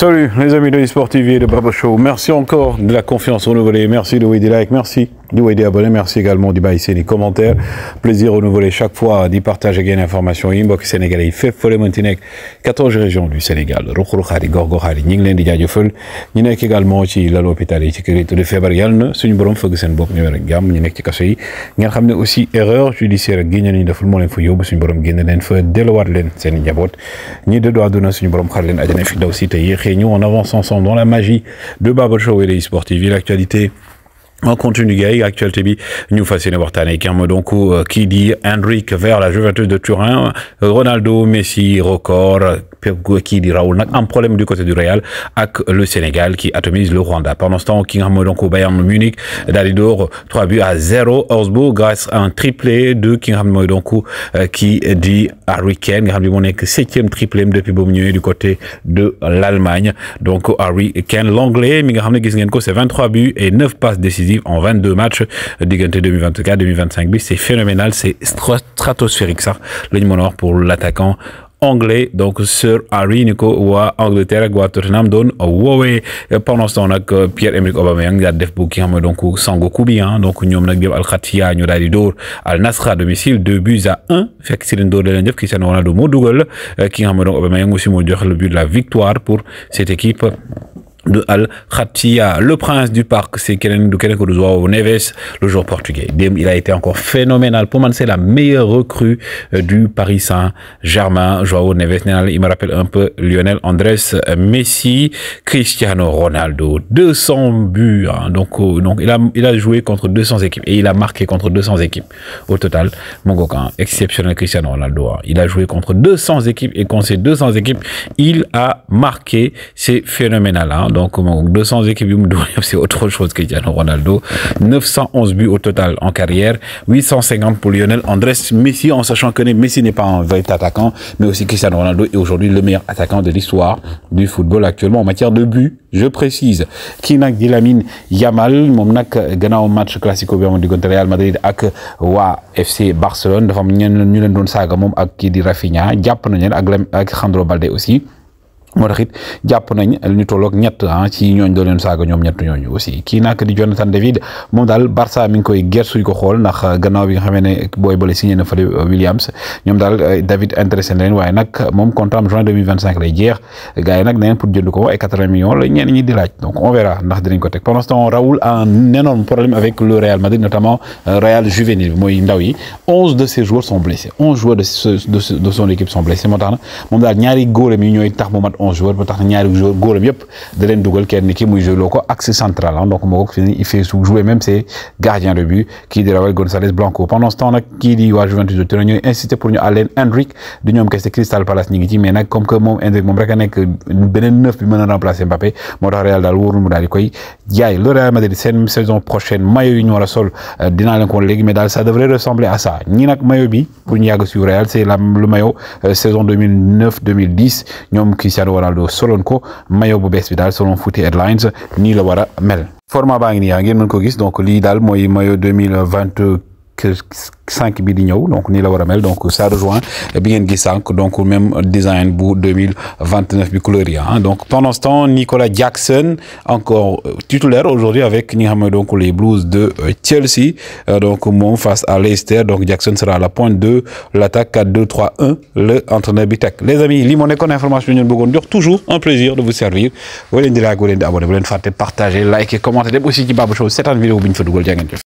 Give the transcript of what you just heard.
Salut les amis de l'eSportivier, et de Bravo Show. Merci encore de la confiance renouvelée. Merci de Merci Merci du et des abonnés, merci également d'y bail, les commentaires. Plaisir renouvelé chaque fois d'y partager gain information. Inbox Sénégalais, fait folle Montenegro, 14 régions du Sénégal. Rukhrukhari, Gorgokhari, ñi ngi leen di jaajëfal ñi nekk également ci lal hôpital yi ci kër yi février, feebar yàlla na suñu borom fëgg seen bopp ñu wér ak jàmm ñu nekk ci kaso yi. Ngeen xam aussi erreur judiciaire ak génne ñu deful moo leen fa yóbbu suñu borom génne leen fa delluwaat leen seen i njaboot de dëddu àdduna suñu borom xar leen àjjana fi daw si te yéexee Réunion. on avance ensemble dans la magie de Baba Show et les sportifs l'actualité on continue gay actualité New ñu fas yéene qui dit donc qui dit Henrik vers la Juventus de Turin euh, Ronaldo Messi record euh, qui dit Raoul un problème du côté du Real avec le Sénégal qui atomise le Rwanda pendant ce temps Kingham Bayern Munich d'Alidor 3 buts à 0 Osbourg grâce à un triplé de Kingham euh, qui qui dit Harry Kane qui a septième triplé depuis Beaumieu du côté de l'Allemagne donc Harry Kane l'anglais Mingham nga c'est 23 buts et 9 passes décisives en 22 matchs Diganté 2024-2025 buts, C'est phénoménal, c'est stratosphérique ça. Le numéro pour l'attaquant anglais donc Sir Harry Nico à Angleterre ak donne Tottenham pendant ce temps on que euh, Pierre-Emerick Aubameyang un def bu ki nga donc sango coup hein. donc ñoom nag Al Khatia ñu daal Al Nasr à domicile deux buts à un fait que c'est l'un da leen def Cristiano Ronaldo moo qui euh, a donc Aubameyang aussi moo joxe le but de la victoire pour cette équipe de Al Khatia. Le prince du parc, c'est Kellen de Joao Neves, le joueur portugais. Il a été encore phénoménal. Pour moi, c'est la meilleure recrue euh, du Paris Saint-Germain. Joao Neves, il me rappelle un peu Lionel Andrés euh, Messi, Cristiano Ronaldo. 200 buts. Hein. Donc, euh, donc il, a, joué contre 200 équipes et il a marqué contre 200 équipes au total. Mon exceptionnel Cristiano Ronaldo. Hein. Il a joué contre 200 équipes et contre ces 200 équipes, il a marqué. C'est phénoménal. Hein. Donc, donc, 200 équipes, c'est autre chose que Cristiano Ronaldo. 911 buts au total en carrière, 850 pour Lionel Andrés Messi, en sachant que Messi n'est pas un vrai attaquant, mais aussi Cristiano Ronaldo est aujourd'hui le meilleur attaquant de l'histoire du football actuellement en matière de buts. Je précise, Kinak Dilamine Yamal Momnak gagna un match classique au bi du Contre Real Madrid avec le FC Barcelone nous am ñu un don Rafinha jàpp nañu Balde aussi moo tax it jàpp nañ ñu tolloog ñett ah ci ñooñ doo leen saaga ñoom ñett ñooñu aussi kii nak di Jonathan David moom daal Barça mi ngi koy gersuñ ko xool ndax ah, gannaaw bi nga xamee ne signé na fële ah, Williams ñoom dal eh, David intéressé na leen waaye nag moom contrat am juin 2025 lay jeex gars yi neen pour jënd ko ay 80 millions la ñenn ñi di laaj donc on verra ndax dinañ ko teg pendant ce temps Raoul a un énorme problème avec le Real Madrid notamment euh, Real juvénile bi ndaw yi 11 de ses joueurs sont blessés 11 joueurs de de son équipe sont blessés moo tax na moom daal ñaari góoram yi ñooy tax mu on joueurs ba tax na ñaari joueurs góoram yëpp da leen dugal kenn ki muy axe central ah, donc on fini il fait jouer même ses gardiens de but qui di Raúl González Blanco pendant ce temps nag kii di waa Juventus de Turin ñooy incité pour ñu hendrick Endrick di ñoom c'est Crystal Palace ñi ci mais comme que mon hendrick mon rek a nekk neuf bi mën remplacé Mbappé mon Real daal mon mu daal koy le Real Madrid c'est une saison prochaine Mayo Union ñu la sol euh, dinaa en ko mais ça devrait ressembler à ça ñi nag maillot bi pour ñu yàgg sur Real c'est la le maillot euh, saison 2009 2010 ñoom Cristiano Cristiano Ronaldo soloon ko maillot bu bees bi daal selon la war mel format baa ngi nii yaa ngeen mën ko gis donc lii daal mooy maillot 2024 5 bi donc ni la waramel donc ça rejoint eh bi ngeen donc sànq donc même design bu 2029 bi couleur hein. donc pendant ce temps Nicolas Jackson encore euh, titulaire aujourd'hui avec ñi donc les Blues de euh, Chelsea euh, donc mon face à Leicester donc Jackson sera à la pointe de l'attaque 4-2-3-1 le entraîneur Bitek les amis limoné connaît information ñun bëggoon jox toujours un plaisir de vous servir vous voulez di la boo vous di abonné partager liker commenter aussi ci Baba cette vidéo bi fait fa dugal